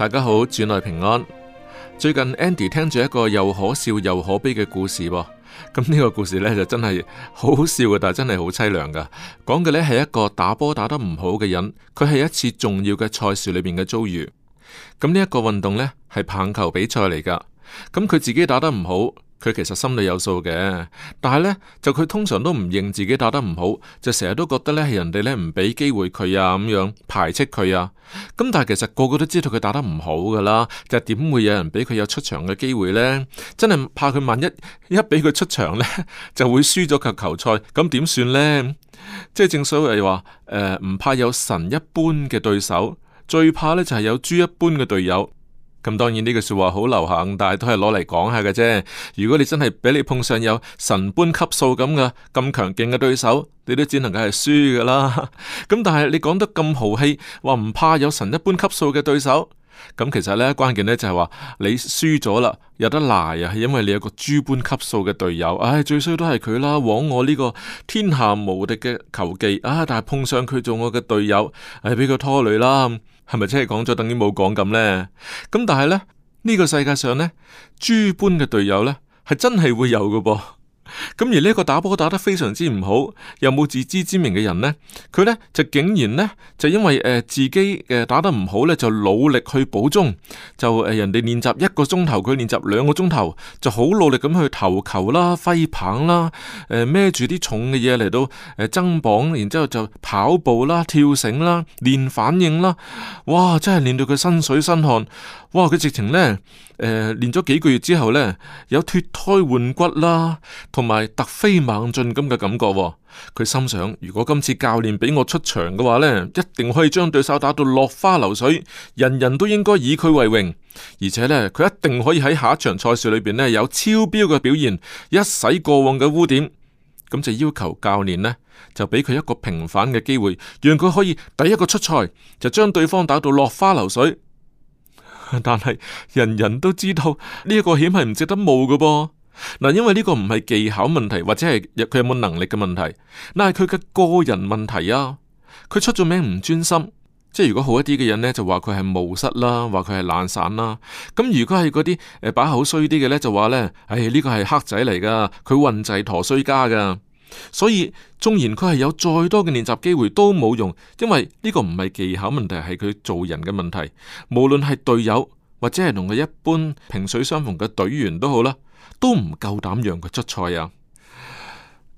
大家好，主內平安。最近 Andy 聽住一個又可笑又可悲嘅故事噃，咁、這、呢個故事呢，就真係好好笑嘅，但係真係好淒涼噶。講嘅呢係一個打波打得唔好嘅人，佢係一次重要嘅賽事裏面嘅遭遇。咁呢一個運動呢係棒球比賽嚟噶，咁佢自己打得唔好。佢其實心裏有數嘅，但係呢，就佢通常都唔認自己打得唔好，就成日都覺得呢係人哋呢唔俾機會佢啊咁樣排斥佢啊。咁但係其實個個都知道佢打得唔好噶啦，就點會有人俾佢有出場嘅機會呢？真係怕佢萬一一俾佢出場呢，就會輸咗球球賽，咁點算呢？即係正所謂話，呃，唔怕有神一般嘅對手，最怕呢就係有豬一般嘅隊友。咁當然呢句說話好流行，但係都係攞嚟講下嘅啫。如果你真係俾你碰上有神般級數咁嘅咁強勁嘅對手，你都只能夠係輸噶啦。咁 但係你講得咁豪氣，話唔怕有神一般級數嘅對手。咁其實呢關鍵呢就係話你輸咗啦，有得賴啊，係因為你有個豬般級數嘅隊友。唉、哎，最衰都係佢啦，枉我呢個天下無敵嘅球技啊！但係碰上佢做我嘅隊友，唉、哎，俾佢拖累啦。係咪真係講咗等於冇講咁咧？咁但係咧呢、呢個世界上咧豬般嘅隊友咧係真係會有嘅噃。咁而呢個打波打得非常之唔好，又冇自知之明嘅人呢，佢呢就竟然呢，就因為誒、呃、自己嘅打得唔好呢，就努力去補中，就誒、呃、人哋練習一個鐘頭，佢練習兩個鐘頭，就好努力咁去投球啦、揮棒啦、孭住啲重嘅嘢嚟到誒、呃、增磅，然之後就跑步啦、跳繩啦、練反應啦，哇！真係練到佢身水身汗，哇！佢直情呢。誒，練咗、呃、幾個月之後呢，有脫胎換骨啦，同埋突飛猛進咁嘅感覺、哦。佢心想，如果今次教練俾我出場嘅話呢，一定可以將對手打到落花流水，人人都應該以佢為榮。而且呢，佢一定可以喺下一場賽事裏邊呢，有超標嘅表現，一洗過往嘅污點。咁就要求教練呢，就俾佢一個平反嘅機會，讓佢可以第一個出賽就將對方打到落花流水。但係人人都知道呢一個險係唔值得冒嘅噃。嗱，因為呢個唔係技巧問題，或者係佢有冇能力嘅問題，嗱，係佢嘅個人問題啊。佢出咗名唔專心，即係如果好一啲嘅人呢，就話佢係冒失啦，話佢係懶散啦。咁如果係嗰啲誒把口衰啲嘅呢，就話呢，唉，呢個係黑仔嚟噶，佢運滯陀衰家噶。所以，縱然佢係有再多嘅練習機會都冇用，因為呢個唔係技巧問題，係佢做人嘅問題。無論係隊友或者係同佢一般萍水相逢嘅隊員都好啦，都唔夠膽讓佢出賽啊！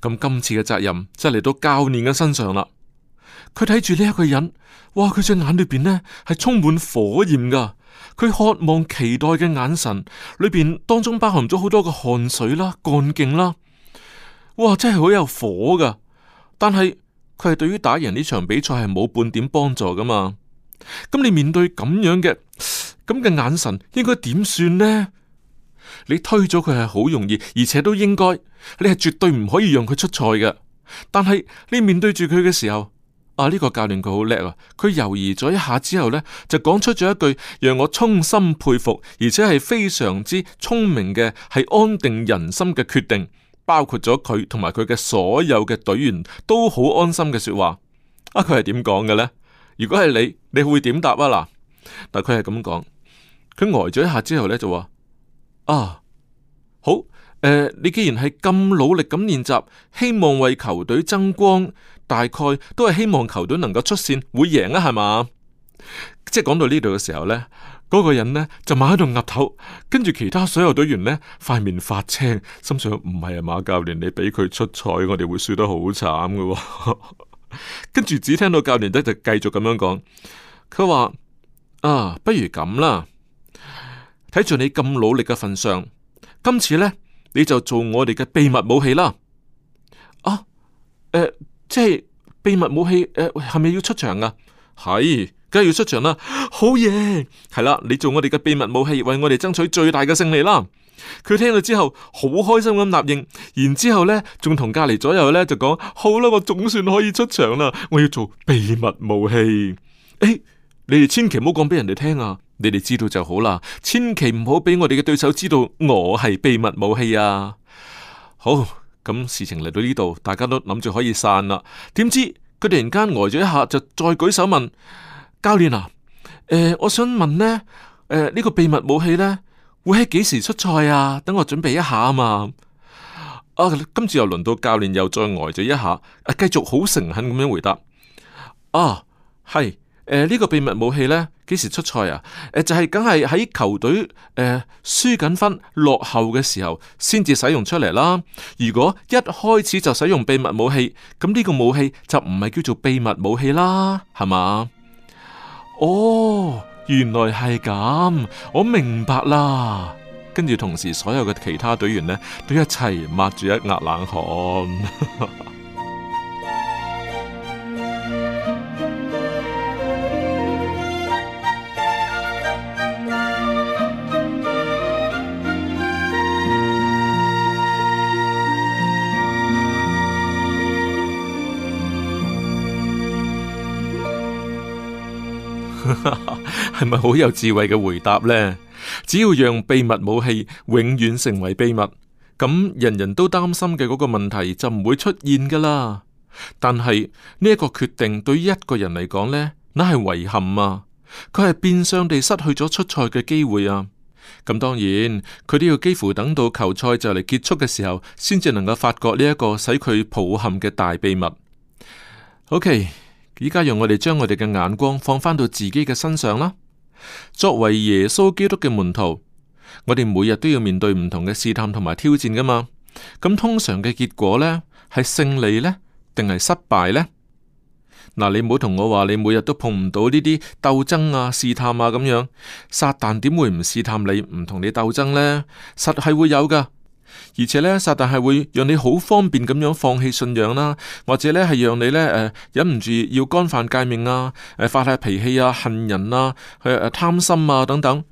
咁今次嘅責任真係嚟到教練嘅身上啦。佢睇住呢一個人，哇！佢隻眼裏邊呢係充滿火焰噶，佢渴望、期待嘅眼神裏邊當中包含咗好多嘅汗水啦、啊、幹勁啦。哇，真係好有火噶！但係佢係對於打贏呢場比賽係冇半點幫助噶嘛？咁你面對咁樣嘅咁嘅眼神，應該點算呢？你推咗佢係好容易，而且都應該你係絕對唔可以讓佢出賽嘅。但係你面對住佢嘅時候，啊呢個教練佢好叻啊！佢猶豫咗一下之後呢，就講出咗一句讓我衷心佩服，而且係非常之聰明嘅，係安定人心嘅決定。包括咗佢同埋佢嘅所有嘅隊員都好安心嘅說話，啊佢係點講嘅呢？如果係你，你會點答啊？嗱，但佢係咁講，佢呆咗一下之後呢，就話啊，好、呃、你既然係咁努力咁練習，希望為球隊增光，大概都係希望球隊能夠出線會贏啊，係嘛？即係講到呢度嘅時候呢。嗰個人呢，就埋喺度岌頭，跟住其他所有隊員呢，塊面發青，心想唔係啊，馬教練你俾佢出賽，我哋會輸得好慘噶、哦。 跟住只聽到教練咧就繼續咁樣講，佢話啊，不如咁啦，睇住你咁努力嘅份上，今次呢，你就做我哋嘅秘密武器啦。啊，呃、即係秘密武器誒係咪要出場啊？係。梗係要出場啦，好嘢，係啦。你做我哋嘅秘密武器，為我哋爭取最大嘅勝利啦。佢聽到之後好開心咁答應，然之後呢仲同隔籬左右呢就講，好啦，我總算可以出場啦。我要做秘密武器。誒、欸，你哋千祈唔好講俾人哋聽啊，你哋知道就好啦。千祈唔好俾我哋嘅對手知道我係秘密武器啊。好咁，事情嚟到呢度，大家都諗住可以散啦。點知佢突然間呆咗一下，就再舉手問。教練啊、呃，我想問呢，呢、呃呢個秘密武器呢，會喺幾時出賽啊？等我準備一下啊。啊，今次又輪到教練又再呆咗一下，啊，繼續好誠懇咁樣回答啊，係呢、呃呢個秘密武器呢，幾時出賽啊？呃、就係梗係喺球隊誒、呃、輸緊分落後嘅時候先至使用出嚟啦。如果一開始就使用秘密武器，咁呢個武器就唔係叫做秘密武器啦，係嘛？哦，原來係咁，我明白啦。跟住同時，所有嘅其他隊員呢，都一齊抹住一額冷汗。 係咪好有智慧嘅回答呢？只要讓秘密武器永遠成為秘密，咁人人都擔心嘅嗰個問題就唔會出現噶啦。但係呢一個決定對一個人嚟講呢，那係遺憾啊！佢係變相地失去咗出賽嘅機會啊！咁當然，佢都要幾乎等到球賽就嚟結束嘅時候，先至能夠發覺呢一個使佢抱憾嘅大秘密。OK，依家用我哋將我哋嘅眼光放返到自己嘅身上啦。作為耶穌基督嘅門徒，我哋每日都要面對唔同嘅試探同埋挑戰噶嘛。咁通常嘅結果呢，係勝利呢，定係失敗呢？嗱，你唔好同我話你每日都碰唔到呢啲鬥爭啊、試探啊咁樣，撒旦點會唔試探你，唔同你鬥爭呢？實係會有噶。而且呢，撒但係會讓你好方便咁樣放棄信仰啦，或者呢係讓你呢、呃、忍唔住要干犯誡命啊，誒、呃、發下脾氣啊，恨人啊，誒、呃、貪心啊等等。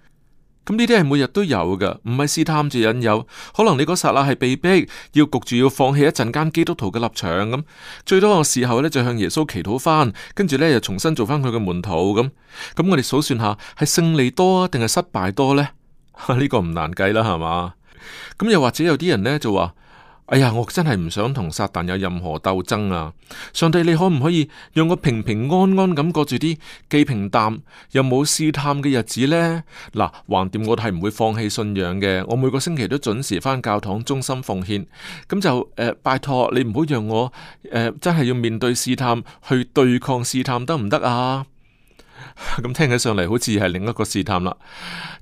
咁呢啲係每日都有嘅，唔係試探住引誘。可能你嗰剎那係被逼要逼要焗住要放棄一陣間基督徒嘅立場咁，最多我時候呢，就向耶穌祈禱翻，跟住呢又重新做翻佢嘅門徒咁。咁、嗯、我哋數算下，係勝利多定係失敗多呢？呢、啊這個唔難計啦，係嘛？咁又或者有啲人呢，就話：哎呀，我真係唔想同撒旦有任何鬥爭啊！上帝，你可唔可以讓我平平安安咁過住啲既平淡又冇試探嘅日子呢？嗱，橫掂我係唔會放棄信仰嘅，我每個星期都準時翻教堂，衷心奉獻。咁就誒、呃，拜託你唔好讓我誒、呃，真係要面對試探去對抗試探得唔得啊？咁聽起上嚟好似係另一個試探啦，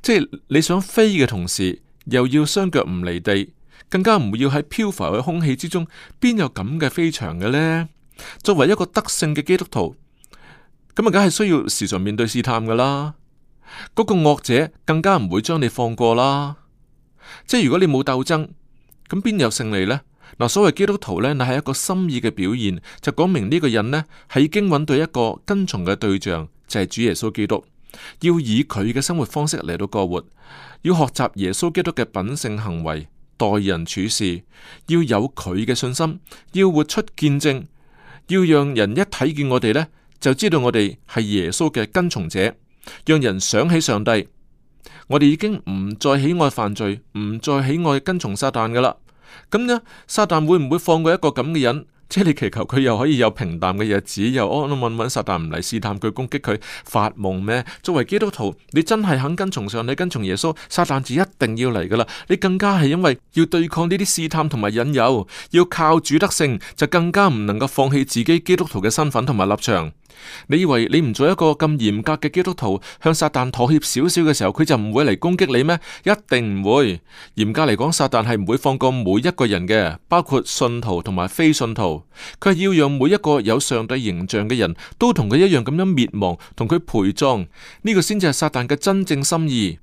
即係你想飛嘅同時。又要雙腳唔離地，更加唔要喺漂浮喺空氣之中，邊有咁嘅飛翔嘅呢？作為一個得勝嘅基督徒，咁啊，梗係需要時常面對試探噶啦。嗰個惡者更加唔會將你放過啦。即係如果你冇鬥爭，咁邊有勝利呢？嗱，所謂基督徒呢，乃係一個心意嘅表現，就講明呢個人呢，係已經揾到一個跟從嘅對象，就係主耶穌基督。要以佢嘅生活方式嚟到過活，要學習耶穌基督嘅品性行為，待人處事，要有佢嘅信心，要活出見證，要讓人一睇見我哋呢，就知道我哋係耶穌嘅跟從者，讓人想起上帝。我哋已經唔再喜愛犯罪，唔再喜愛跟從撒旦㗎喇。咁呢，撒旦會唔會放過一個咁嘅人？即係你祈求佢又可以有平淡嘅日子，又安安穩穩，撒旦唔嚟試探佢，攻擊佢，發夢咩？作為基督徒，你真係肯跟從上帝，你跟從耶穌，撒旦就一定要嚟㗎喇。你更加係因為要對抗呢啲試探同埋引誘，要靠主得勝，就更加唔能夠放棄自己基督徒嘅身份同埋立場。你以為你唔做一個咁嚴格嘅基督徒，向撒旦妥協少少嘅時候，佢就唔會嚟攻擊你咩？一定唔會。嚴格嚟講，撒旦係唔會放過每一個人嘅，包括信徒同埋非信徒。佢係要讓每一個有上帝形象嘅人都同佢一樣咁樣滅亡，同佢陪葬。呢個先至係撒旦嘅真正心意。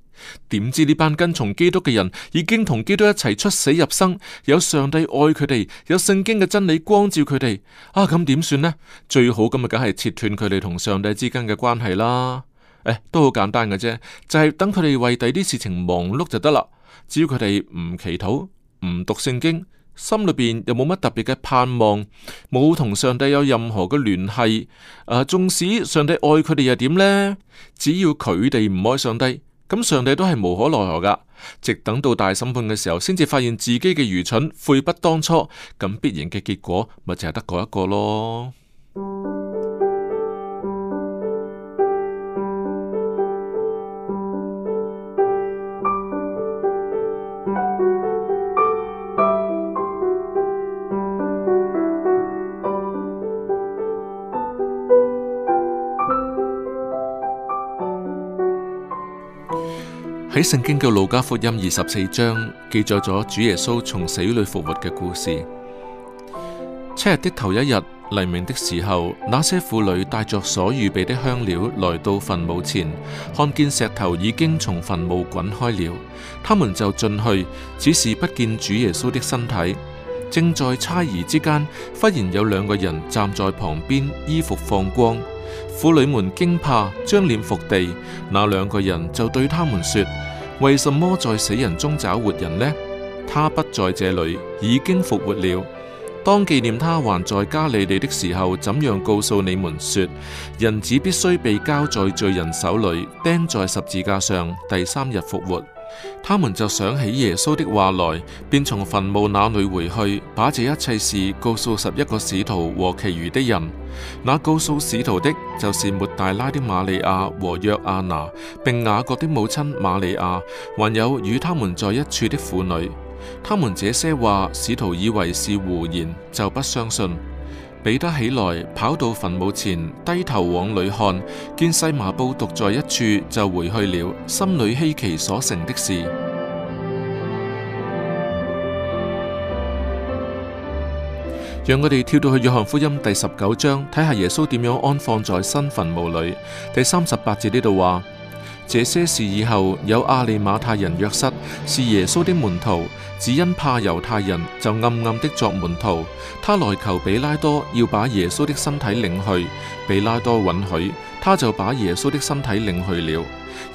點知呢班跟從基督嘅人已經同基督一齊出死入生，有上帝愛佢哋，有聖經嘅真理光照佢哋。啊，咁點算呢？最好咁啊，梗係切斷佢哋同上帝之間嘅關係啦。哎、都好簡單嘅啫，就係、是、等佢哋為第啲事情忙碌就得啦。只要佢哋唔祈禱、唔讀聖經，心裏邊又冇乜特別嘅盼望，冇同上帝有任何嘅聯繫。誒、啊，縱使上帝愛佢哋又點呢？只要佢哋唔愛上帝。咁上帝都係無可奈何噶，直等到大審判嘅時候，先至發現自己嘅愚蠢，悔不當初，咁必然嘅結果咪就係得嗰一個咯。喺聖經嘅路加福音二十四章記載咗主耶穌從死裏復活嘅故事。七日的頭一日，黎明的時候，那些婦女帶着所預備的香料來到墳墓前，看見石頭已經從墳墓滾開了，他們就進去，只是不見主耶穌的身體。正在猜疑之間，忽然有兩個人站在旁邊，衣服放光，婦女們驚怕，將臉伏地，那兩個人就對他們說。為什麼在死人中找活人呢？他不在這裏，已經復活了。當紀念他還在加利利的時候，怎樣告訴你們說，人子必須被交在罪人手裏，釘在十字架上，第三日復活？他們就想起耶穌的話來，便從墳墓那裡回去，把這一切事告訴十一個使徒和其餘的人。那告訴使徒的，就是抹大拉的馬利亞和約亞拿，並雅各的母親馬利亞，還有與他們在一處的婦女。他們這些話，使徒以為是胡言，就不相信。彼得起來，跑到墳墓前，低頭往裏看，見細麻布獨在一處，就回去了，心裏希奇所成的事。讓我哋跳到去約翰福音第十九章，睇下耶穌點樣安放在新墳墓裏。第三十八節呢度話。這些事以後，有亞利馬太人約瑟，是耶穌的門徒，只因怕猶太人，就暗暗的作門徒。他來求比拉多要把耶穌的身體領去，比拉多允許，他就把耶穌的身體領去了。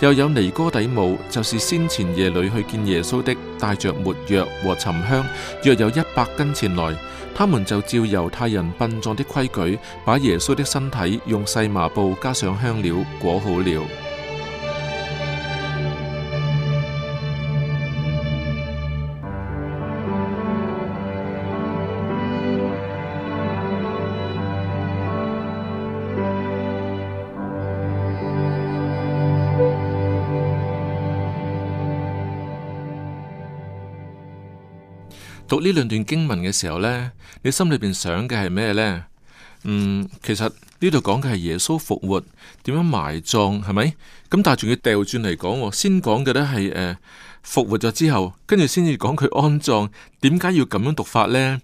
又有尼哥底母，就是先前夜裏去見耶穌的，帶着沒藥和沉香，約有一百斤前來，他們就照猶太人殯葬的規矩，把耶穌的身體用細麻布加上香料裹好了。讀呢兩段經文嘅時候呢，你心裏邊想嘅係咩呢？嗯，其實呢度講嘅係耶穌復活，點樣埋葬，係咪？咁但係仲要掉轉嚟講，先講嘅呢係誒復活咗之後，跟住先至講佢安葬，點解要咁樣讀法呢？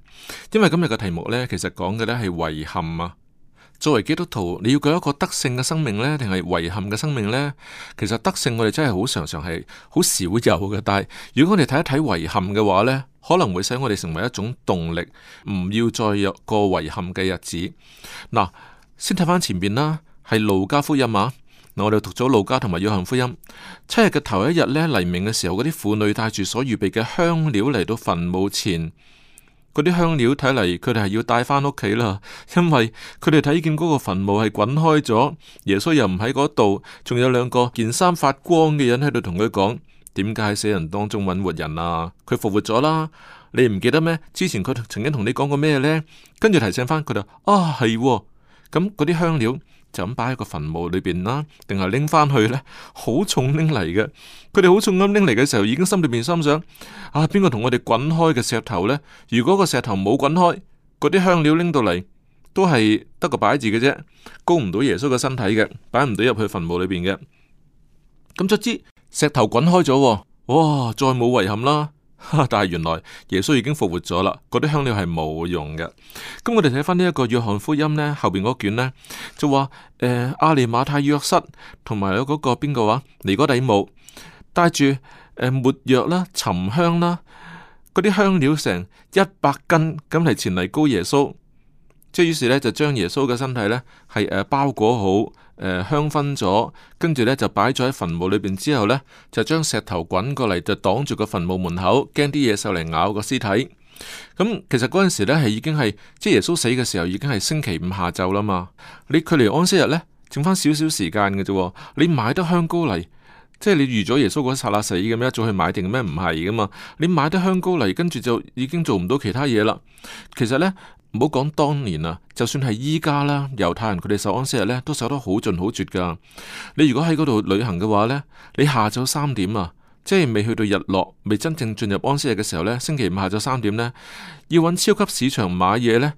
因為今日嘅題目呢，其實講嘅呢係遺憾啊。作為基督徒，你要過一個得勝嘅生命呢？定係遺憾嘅生命呢？其實得勝我哋真係好常常係好少有嘅，但係如果我哋睇一睇遺憾嘅話呢，可能會使我哋成為一種動力，唔要再有過遺憾嘅日子。嗱，先睇翻前邊啦，係路加福音啊。嗱，我哋讀咗路加同埋約翰福音，七日嘅頭一日呢，黎明嘅時候，嗰啲婦女帶住所預備嘅香料嚟到墳墓前。嗰啲香料睇嚟，佢哋係要帶翻屋企啦，因為佢哋睇見嗰個墳墓係滾開咗，耶穌又唔喺嗰度，仲有兩個件衫發光嘅人喺度同佢講，點解喺死人當中揾活人啊？佢復活咗啦，你唔記得咩？之前佢曾經同你講過咩呢？跟住提醒翻佢哋，啊係，咁嗰啲香料。就咁擺喺個墳墓裏邊啦，定係拎翻去呢？好重拎嚟嘅，佢哋好重咁拎嚟嘅時候，已經心裏邊心想：啊，邊個同我哋滾開嘅石頭呢？如果個石頭冇滾開，嗰啲香料拎到嚟都係得個擺字嘅啫，高唔到耶穌嘅身體嘅，擺唔到入去墳墓裏邊嘅。咁就知石頭滾開咗，哇！再冇遺憾啦。但係原來耶穌已經復活咗啦，嗰啲香料係冇用嘅。咁我哋睇翻，呢一個約翰福音呢後邊嗰卷呢，就話誒、呃，阿尼馬太約瑟同埋有嗰、那個邊個話尼哥底姆帶住誒、呃、沒藥啦、沉香啦，嗰啲香料成一百斤咁嚟，前嚟膏耶穌，即係於是呢，就將耶穌嘅身體呢係誒、呃、包裹好。香薰咗，跟住呢就擺咗喺墳墓裏邊之後呢，就將石頭滾過嚟，就擋住個墳墓門口，驚啲野獸嚟咬個屍體。咁、嗯、其實嗰陣時呢，係已經係，即係耶穌死嘅時候已經係星期五下晝啦嘛。你距離安息日呢，剩翻少少時間嘅啫，你買得香膏嚟。即係你預咗耶穌嗰剎那死咁樣早去買定咩？唔係噶嘛，你買得香膏嚟，跟住就已經做唔到其他嘢啦。其實呢，唔好講當年啦，就算係依家啦，猶太人佢哋守安息日呢，都守得好盡好絕噶。你如果喺嗰度旅行嘅話呢，你下晝三點啊，即係未去到日落，未真正進入安息日嘅時候呢，星期五下晝三點呢，要揾超級市場買嘢呢，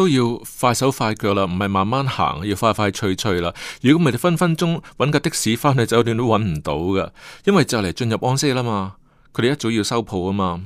都要快手快腳啦，唔係慢慢行，要快快脆脆啦。如果唔係，你分分鐘揾架的士返去酒店都揾唔到噶，因為就嚟進入安息啦嘛，佢哋一早要收鋪啊嘛，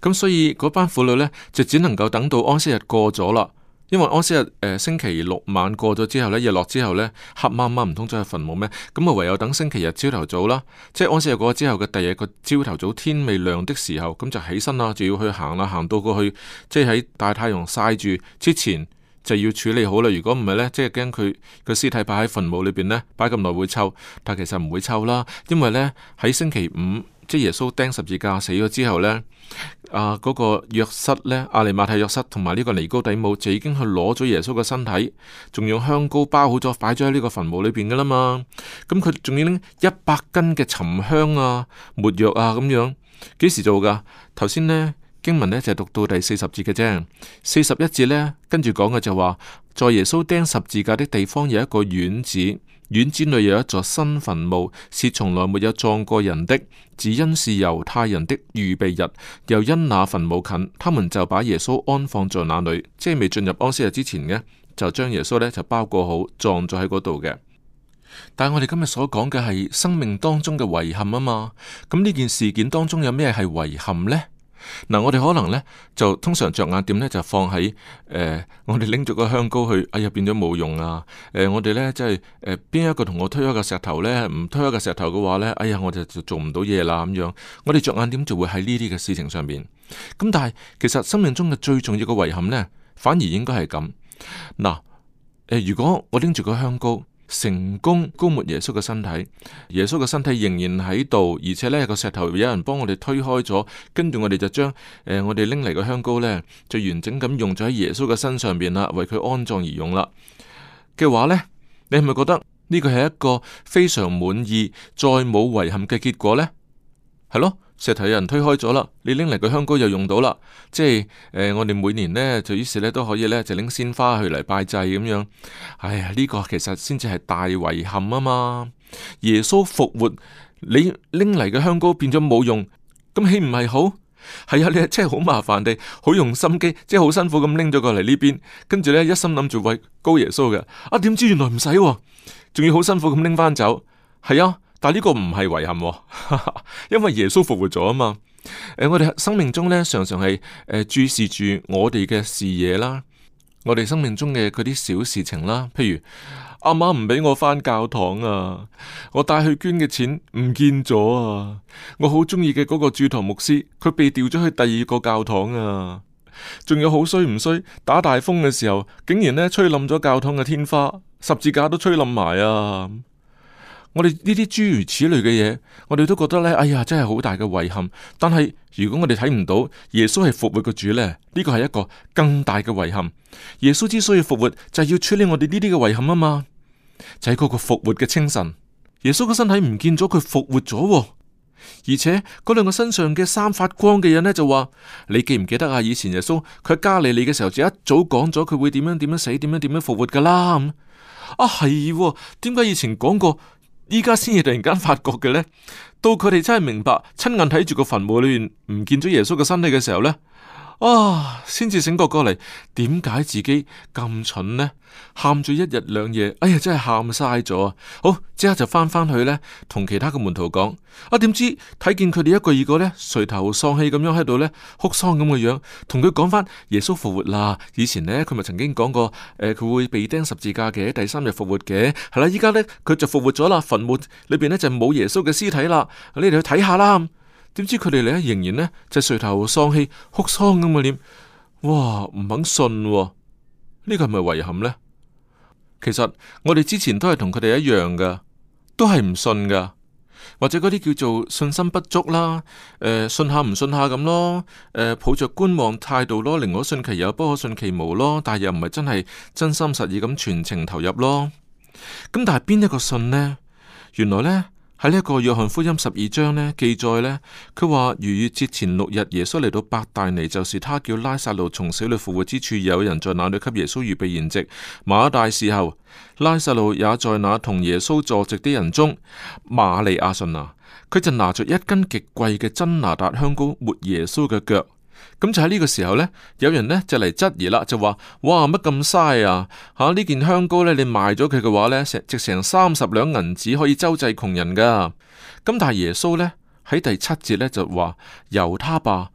咁所以嗰班婦女呢，就只能夠等到安息日過咗啦。因為安息日、呃、星期六晚過咗之後咧，日落之後呢，黑掹掹唔通走去墳墓咩？咁啊唯有等星期日朝頭早啦，即係安息日過咗之後嘅第二日，個朝頭早天未亮的時候，咁就起身啦，就要去行啦、啊，行到過去，即係喺大太陽曬住之前就要處理好啦。如果唔係呢，即係驚佢個屍體擺喺墳墓裏邊呢，擺咁耐會臭，但其實唔會臭啦，因為呢，喺星期五。即係耶穌釘十字架死咗之後呢，啊嗰、個約瑟呢，亞利馬太約瑟同埋呢個尼哥底母就已經去攞咗耶穌嘅身體，仲用香膏包好咗，擺咗喺呢個墳墓裏邊噶啦嘛。咁佢仲要拎一百斤嘅沉香啊、沒藥啊咁樣，幾時做噶？頭先呢，經文呢就係、讀到第四十節嘅啫，四十一節呢，跟住講嘅就話、是，在耶穌釘十字架的地方有一個院子。院子裏有一座新墳墓，是從來沒有葬過人的。只因是猶太人的預備日，又因那墳墓近，他們就把耶穌安放在那裏。即係未進入安息日之前呢就將耶穌呢就包裹好，葬咗喺嗰度嘅。但係我哋今日所講嘅係生命當中嘅遺憾啊嘛。咁呢件事件當中有咩係遺憾呢？嗱，我哋可能呢，就通常着眼點呢，就放喺誒、呃，我哋拎住個香膏去，哎呀變咗冇用啊！誒、呃，我哋呢，即係誒，邊、呃、一個同我推開個石頭呢？唔推開個石頭嘅話呢，哎呀，我就就做唔到嘢啦咁樣。我哋着眼點就會喺呢啲嘅事情上面。咁但係其實生命中嘅最重要嘅遺憾呢，反而應該係咁。嗱，誒、呃，如果我拎住個香膏。成功高抹耶穌嘅身體，耶穌嘅身體仍然喺度，而且呢個石頭有人幫我哋推開咗，跟住我哋就將、呃、我哋拎嚟個香膏呢，就完整咁用咗喺耶穌嘅身上面啦，為佢安葬而用啦嘅話呢，你係咪覺得呢個係一個非常滿意、再冇遺憾嘅結果呢？係咯。石頭有人推開咗啦，你拎嚟個香膏又用到啦，即係誒、呃，我哋每年咧就於是咧都可以咧就拎鮮花去嚟拜祭咁樣。哎呀，呢、呢個其實先至係大遺憾啊嘛！耶穌復活你，你拎嚟嘅香膏變咗冇用，咁豈唔係好？係啊，你啊真係好麻煩地，好用心機，即係好辛苦咁拎咗過嚟呢邊，跟住咧一心諗住喂高耶穌嘅，啊點知原來唔使、啊，仲要好辛苦咁拎翻走，係啊。但呢個唔係遺憾哈哈，因為耶穌復活咗啊嘛！呃、我哋生命中呢，常常係注視住我哋嘅視野啦，我哋生命中嘅嗰啲小事情啦，譬如阿媽唔俾我返教堂啊，我帶去捐嘅錢唔見咗啊，我好中意嘅嗰個駐堂牧師，佢被調咗去第二個教堂啊，仲有好衰唔衰，打大風嘅時候，竟然呢吹冧咗教堂嘅天花，十字架都吹冧埋啊！我哋呢啲諸如此類嘅嘢，我哋都覺得呢，哎呀，真係好大嘅遺憾。但係如果我哋睇唔到耶穌係復活嘅主呢，呢個係一個更大嘅遺憾。耶穌之所以復活，就係要處理我哋呢啲嘅遺憾啊嘛。就係嗰個復活嘅清晨，耶穌個身體唔見咗，佢復活咗。而且嗰兩個身上嘅衫發光嘅人呢，就話：你記唔記得啊？以前耶穌佢喺加利利嘅時候，就一早講咗佢會點樣點樣死，點樣點樣復活噶啦。啊係，點解以前講過？而家先至突然間發覺嘅呢，到佢哋真係明白，親眼睇住個墳墓裏面唔見咗耶穌嘅身體嘅時候呢。啊！先至醒覺過嚟，點解自己咁蠢呢？喊咗一日兩夜，哎呀，真係喊晒咗啊！好，即刻就翻翻去呢，同其他嘅門徒講。啊，點知睇見佢哋一個二個呢，垂頭喪氣咁樣喺度呢，哭喪咁嘅樣，同佢講翻耶穌復活啦！以前呢，佢咪曾經講過，誒、呃，佢會被釘十字架嘅，第三日復活嘅，係啦，依家呢，佢就復活咗啦，墳墓裏邊呢，就冇耶穌嘅屍體啦，你哋去睇下啦。點知佢哋嚟咧，仍然呢，就係、垂頭喪氣、哭喪咁嘅臉。哇，唔肯信、哦，呢個係咪遺憾呢？其實我哋之前都係同佢哋一樣噶，都係唔信噶，或者嗰啲叫做信心不足啦、呃，信下唔信下咁咯，呃、抱着觀望態度咯，寧可信其有，不可信其無咯，但係又唔係真係真心實意咁全程投入咯。咁但係邊一個信呢？原來呢。喺呢一個約翰福音十二章呢，記載呢，佢話逾越節前六日，耶穌嚟到伯大尼，就是他叫拉撒路從死裏復活之處，有人在那裏給耶穌預備筵席。馬大伺候，拉撒路也在那同耶穌坐席的人中。瑪利亞信啊，佢就拿著一斤極貴嘅真哪噠香膏抹耶穌嘅腳。咁就喺呢個時候呢，有人呢就嚟質疑啦，就話：哇，乜咁嘥啊？吓、啊、呢件香膏呢，你賣咗佢嘅話呢，成值成三十兩銀子，可以周濟窮人噶。咁但係耶穌呢，喺第七節呢，就話：由他吧，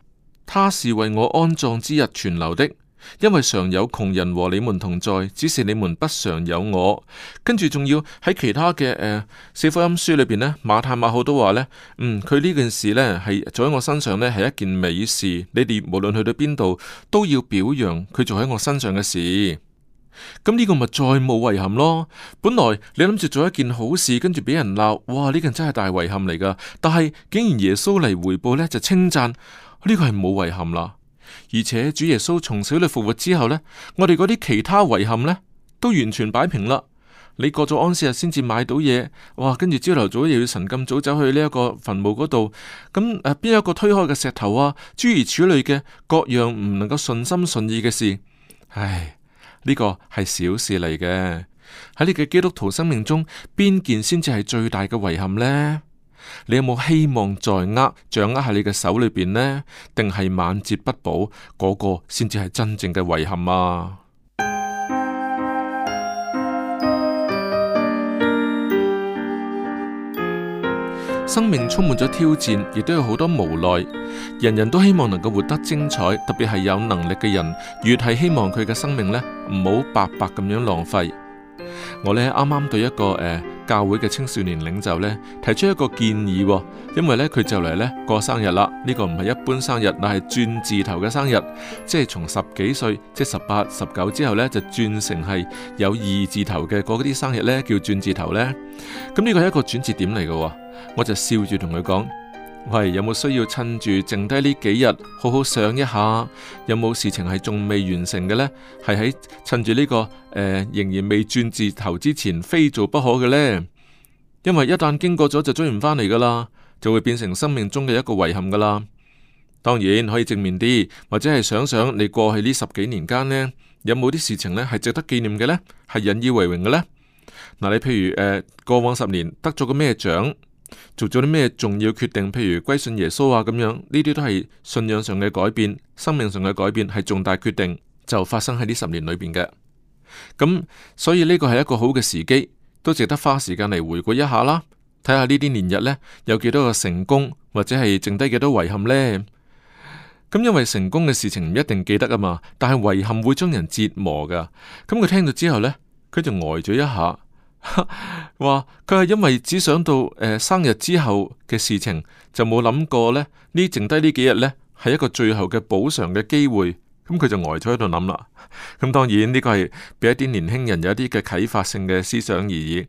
他是為我安葬之日存留的。因為常有窮人和你們同在，只是你們不常有我。跟住仲要喺其他嘅誒、呃、四福音書裏邊咧，馬太、馬可都話咧，嗯，佢呢件事咧係做喺我身上咧係一件美事。你哋無論去到邊度都要表揚佢做喺我身上嘅事。咁、嗯、呢、呢個咪再冇遺憾咯。本來你諗住做一件好事，跟住俾人鬧，哇，呢件真係大遺憾嚟噶。但係竟然耶穌嚟回報呢，就稱讚，呢、呢個係冇遺憾啦。而且主耶穌從小你復活之後呢，我哋嗰啲其他遺憾呢都完全擺平啦。你過咗安息日先至買到嘢，哇！跟住朝頭早又要神咁早走去呢一個墳墓嗰度，咁誒邊一個推開嘅石頭啊，諸如此類嘅各樣唔能夠順心順意嘅事，唉，呢個係小事嚟嘅。喺你嘅基督徒生命中，邊件先至係最大嘅遺憾呢？你有冇希望在握，掌握喺你嘅手裏邊呢？定係晚節不保嗰、嗰個先至係真正嘅遺憾啊！生命充滿咗挑戰，亦都有好多無奈。人人都希望能夠活得精彩，特別係有能力嘅人，越係希望佢嘅生命呢唔好白白咁樣浪費。我呢啱啱對一個誒。呃教會嘅青少年領袖咧提出一個建議，哦，因為咧佢就嚟咧過生日啦，呢、呢個唔係一般生日，但係轉字頭嘅生日，即係從十幾歲，即係十八、十九之後呢，就轉成係有二字頭嘅嗰啲生日呢叫轉字頭呢。咁、嗯、呢、呢個係一個轉折點嚟嘅，我就笑住同佢講。喂，有冇需要趁住剩低呢幾日，好好想一下，有冇事情係仲未完成嘅呢？係喺趁住呢、個、呃、仍然未轉字頭之前，非做不可嘅呢？因為一旦經過咗就追唔返嚟噶啦，就會變成生命中嘅一個遺憾噶啦。當然可以正面啲，或者係想想你過去呢十幾年間呢，有冇啲事情咧係值得紀念嘅呢？係引以為榮嘅呢？嗱，你譬如誒、呃，過往十年得咗個咩獎？做咗啲咩重要決定？譬如歸信耶穌啊，咁樣呢啲都係信仰上嘅改變，生命上嘅改變係重大決定，就發生喺呢十年裏邊嘅。咁所以呢個係一個好嘅時機，都值得花時間嚟回顧一下啦，睇下呢啲年日呢有幾多個成功，或者係剩低幾多遺憾呢？咁因為成功嘅事情唔一定記得啊嘛，但係遺憾會將人折磨噶。咁佢聽到之後呢，佢就呆咗一下。話佢係因為只想到誒、呃、生日之後嘅事情，就冇諗過咧，呢剩低呢幾日咧，係一個最後嘅補償嘅機會。咁佢就呆咗喺度諗啦。咁當然，呢個係俾一啲年輕人有一啲嘅啟發性嘅思想而已。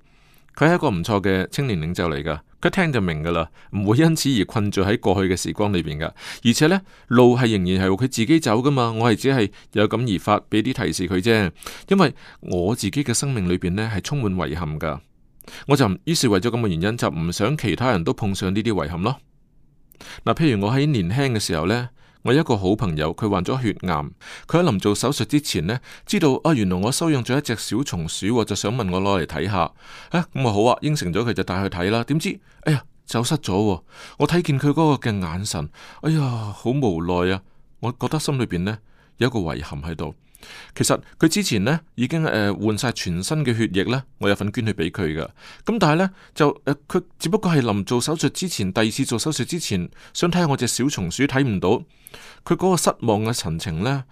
佢係一個唔錯嘅青年領袖嚟噶，佢聽就明噶啦，唔會因此而困住喺過去嘅時光裏邊噶。而且呢，路係仍然係佢自己走噶嘛，我係只係有感而發，俾啲提示佢啫。因為我自己嘅生命裏邊呢係充滿遺憾噶，我就於是為咗咁嘅原因，就唔想其他人都碰上呢啲遺憾咯。嗱、呃，譬如我喺年輕嘅時候呢。我有一個好朋友，佢患咗血癌，佢喺臨做手術之前呢，知道啊，原來我收養咗一隻小松鼠，我就想問我攞嚟睇下，咁啊好啊，好應承咗佢就帶去睇啦，點知，哎呀，走失咗，我睇見佢嗰個嘅眼神，哎呀，好無奈啊，我覺得心裏邊呢，有一個遺憾喺度。其實佢之前呢已經誒換晒全身嘅血液呢，我有份捐血俾佢㗎。咁但係呢，就誒，佢只不過係臨做手術之前，第二次做手術之前，想睇下我隻小松鼠，睇唔到佢嗰個失望嘅神情呢，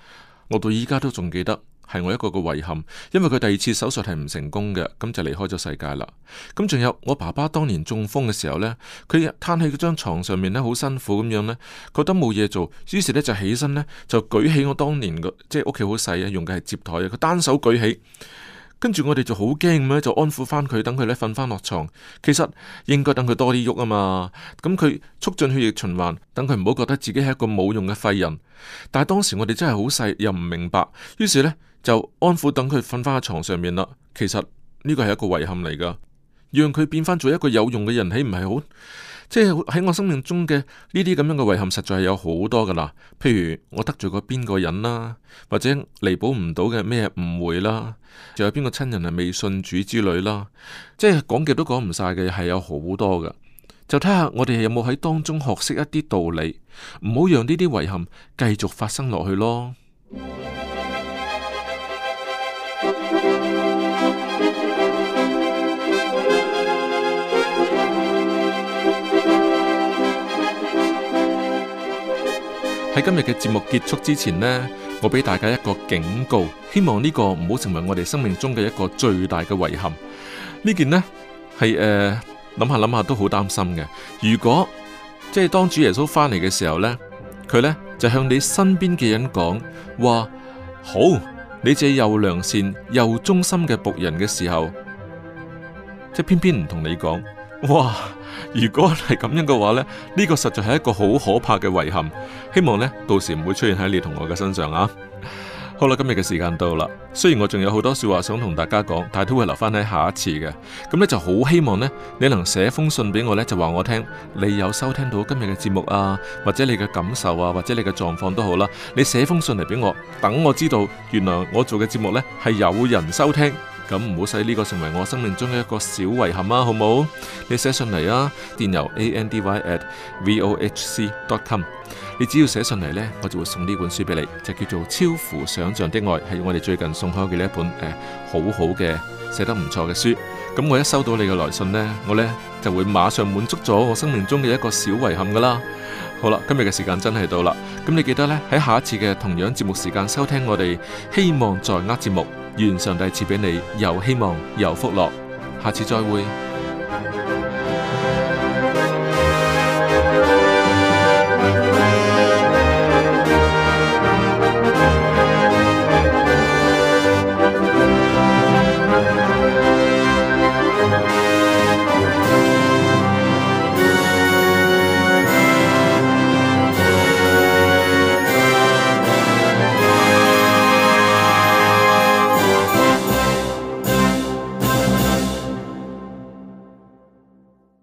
我到依家都仲記得。係我一個個遺憾，因為佢第二次手術係唔成功嘅，咁就離開咗世界啦。咁仲有我爸爸當年中風嘅時候呢，佢攤喺佢張床上面呢，好辛苦咁樣呢，覺得冇嘢做，於是呢就起身呢，就舉起我當年嘅，即係屋企好細啊，用嘅係接台啊，佢單手舉起。跟住我哋就好驚咩？就安撫翻佢，等佢咧瞓翻落床。其實應該等佢多啲喐啊嘛。咁佢促進血液循環，等佢唔好覺得自己係一個冇用嘅廢人。但係當時我哋真係好細，又唔明白。於是呢，就安撫，等佢瞓翻喺床上面啦。其實呢個係一個遺憾嚟噶，讓佢變翻做一個有用嘅人，豈唔係好？即係喺我生命中嘅呢啲咁樣嘅遺憾，實在係有好多噶啦。譬如我得罪過邊個人啦，或者彌補唔到嘅咩誤會啦，仲有邊個親人係未信主之類啦。即係講極都講唔晒嘅，係有好多噶。就睇下我哋係有冇喺當中學識一啲道理，唔好讓呢啲遺憾繼續發生落去咯。喺今日嘅節目結束之前呢，我俾大家一個警告，希望呢個唔好成為我哋生命中嘅一個最大嘅遺憾。呢件呢係誒，諗下諗下都好擔心嘅。如果即係當主耶穌翻嚟嘅時候呢，佢呢就向你身邊嘅人講話：好，你這又良善又忠心嘅僕人嘅時候，即係偏偏唔同你講，哇！如果係咁樣嘅話咧，呢、這個實在係一個好可怕嘅遺憾。希望咧，到時唔會出現喺你同我嘅身上啊！ 好啦，今日嘅時間到啦。雖然我仲有好多說話想同大家講，但係都會留翻喺下一次嘅。咁呢就好希望呢，你能寫封信俾我呢，就話我聽你有收聽到今日嘅節目啊，或者你嘅感受啊，或者你嘅狀況都好啦。你寫封信嚟俾我，等我知道原來我做嘅節目呢係有人收聽。咁唔好使呢個成為我生命中嘅一個小遺憾啊，好唔好？你寫信嚟啊，電郵 andy at vohc dot com。你只要寫信嚟呢，我就會送呢本書俾你，就叫做《超乎想像的愛》，係我哋最近送開嘅呢一本誒、呃、好好嘅寫得唔錯嘅書。咁我一收到你嘅來信呢，我呢就會馬上滿足咗我生命中嘅一個小遺憾噶啦。好啦，今日嘅時間真係到啦，咁你記得呢，喺下一次嘅同樣節目時間收聽我哋希望在握節目。願上帝賜俾你有希望，有福樂。下次再會。